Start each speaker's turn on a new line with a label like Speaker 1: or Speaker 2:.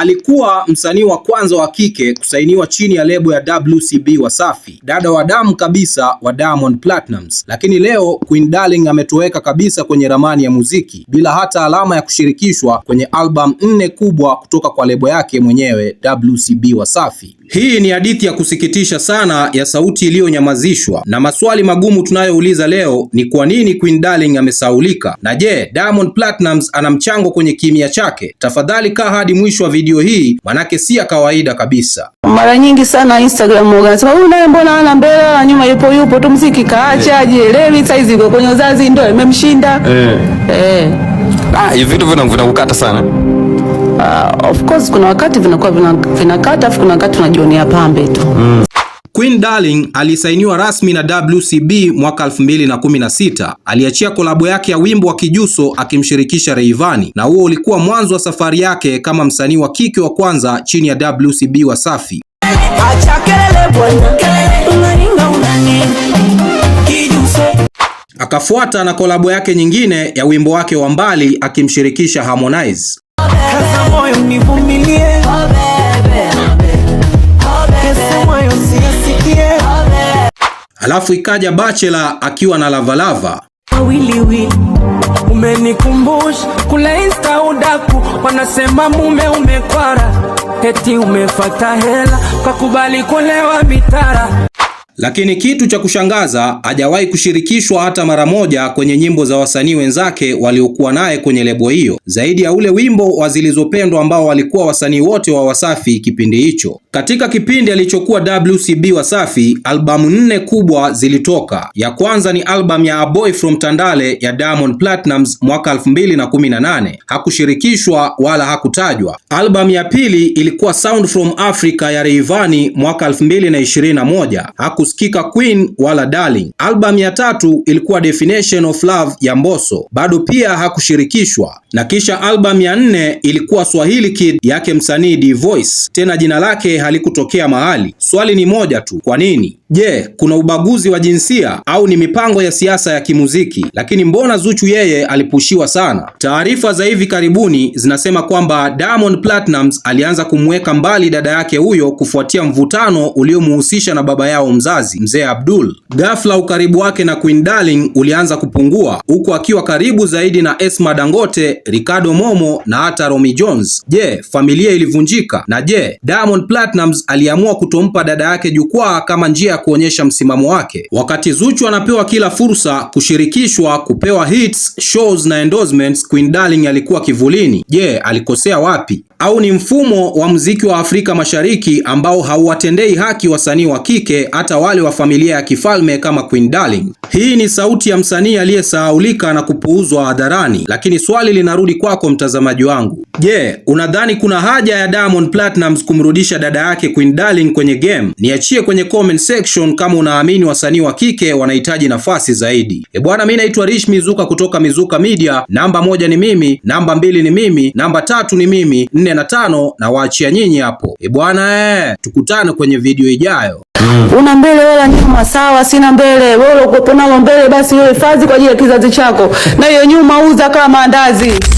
Speaker 1: Alikuwa msanii wa kwanza wa kike kusainiwa chini ya lebo ya WCB Wasafi, dada wa damu kabisa wa Diamond Platnumz. Lakini leo Queen Darling ametoweka kabisa kwenye ramani ya muziki bila hata alama ya kushirikishwa kwenye albamu nne kubwa kutoka kwa lebo yake mwenyewe WCB Wasafi. Hii ni hadithi ya kusikitisha sana ya sauti iliyonyamazishwa, na maswali magumu tunayouliza leo ni kwa nini Queen Darling amesaulika, na je, Diamond Platnumz ana mchango kwenye kimya chake? Tafadhali kaa hadi mwisho wa video video hii, manake si ya kawaida kabisa.
Speaker 2: Mara nyingi sana Instagram wanasema huyu naye mbona ana mbele na nyuma, yupo yupo tu mziki kaacha, eh. ajielewi Saizi kwa kwenye uzazi ndio imemshinda
Speaker 3: eh yeah. yeah. Ah, hivi vitu vinakukata sana.
Speaker 2: Uh, of course kuna wakati vinakuwa vinakata, afu kuna wakati tunajionia pambe tu
Speaker 3: mm.
Speaker 1: Queen Darling alisainiwa rasmi na WCB mwaka 2016. Aliachia kolabo yake ya wimbo wa Kijuso akimshirikisha Rayvanny na huo ulikuwa mwanzo wa safari yake kama msanii wa kike wa kwanza chini ya WCB Wasafi. Akafuata na kolabo yake nyingine ya wimbo wake wa mbali akimshirikisha Harmonize. Alafu ikaja Bachela akiwa na Lavalava. Umenikumbusha kule insta udaku, wanasema mume umekwara, eti umefata hela, kakubali kulewa mitara lakini kitu cha kushangaza, hajawahi kushirikishwa hata mara moja kwenye nyimbo za wasanii wenzake waliokuwa naye kwenye lebo hiyo, zaidi ya ule wimbo wa Zilizopendwa ambao walikuwa wasanii wote wa Wasafi kipindi hicho. Katika kipindi alichokuwa WCB Wasafi, albamu nne kubwa zilitoka. Ya kwanza ni albamu ya A Boy From Tandale ya Diamond Platnumz mwaka 2018, hakushirikishwa wala hakutajwa. Albamu ya pili ilikuwa Sound From Africa ya Rayvanny mwaka 2021, haku kusikika Queen wala Darling. Albamu ya tatu ilikuwa Definition of Love ya Mbosso, bado pia hakushirikishwa, na kisha albamu ya nne ilikuwa Swahili Kid yake msanii D-Voice, tena jina lake halikutokea mahali. Swali ni moja tu, kwa nini? Je, kuna ubaguzi wa jinsia au ni mipango ya siasa ya kimuziki? Lakini mbona Zuchu yeye alipushiwa sana? Taarifa za hivi karibuni zinasema kwamba Diamond Platnumz alianza kumweka mbali dada yake huyo kufuatia mvutano uliomhusisha na baba yao mzazi mzazi mzee Abdul. Ghafla ukaribu wake na Queen Darling ulianza kupungua, huku akiwa karibu zaidi na Esma Dangote, Ricardo Momo na hata Romy Jones. Je, familia ilivunjika? Na je, Diamond Platnumz aliamua kutompa dada yake jukwaa kama njia ya kuonyesha msimamo wake? Wakati Zuchu anapewa kila fursa, kushirikishwa, kupewa hits, shows na endorsements, Queen Darling alikuwa kivulini. Je, alikosea wapi? au ni mfumo wa muziki wa Afrika Mashariki ambao hauwatendei haki wasanii wa kike hata wale wa familia ya kifalme kama Queen Darling. Hii ni sauti ya msanii aliyesahaulika na kupuuzwa hadharani, lakini swali linarudi kwako mtazamaji wangu. Je, yeah, unadhani kuna haja ya Diamond Platnumz kumrudisha dada yake Queen Darling kwenye game? Niachie kwenye comment section kama unaamini wasanii wa kike wanahitaji nafasi zaidi. E bwana, mimi naitwa Rich Mizuka kutoka Mizuka Media. Namba moja ni mimi, namba mbili ni mimi, namba tatu ni mimi, nne na tano na waachia nyinyi hapo. E bwana eh, tukutane kwenye video ijayo.
Speaker 2: Una mbele wala nyuma, sawa. Sina mbele wewe, uko nalo mbele, basi wewe hifadhi kwa ajili ya kizazi chako, na hiyo nyuma uza kama maandazi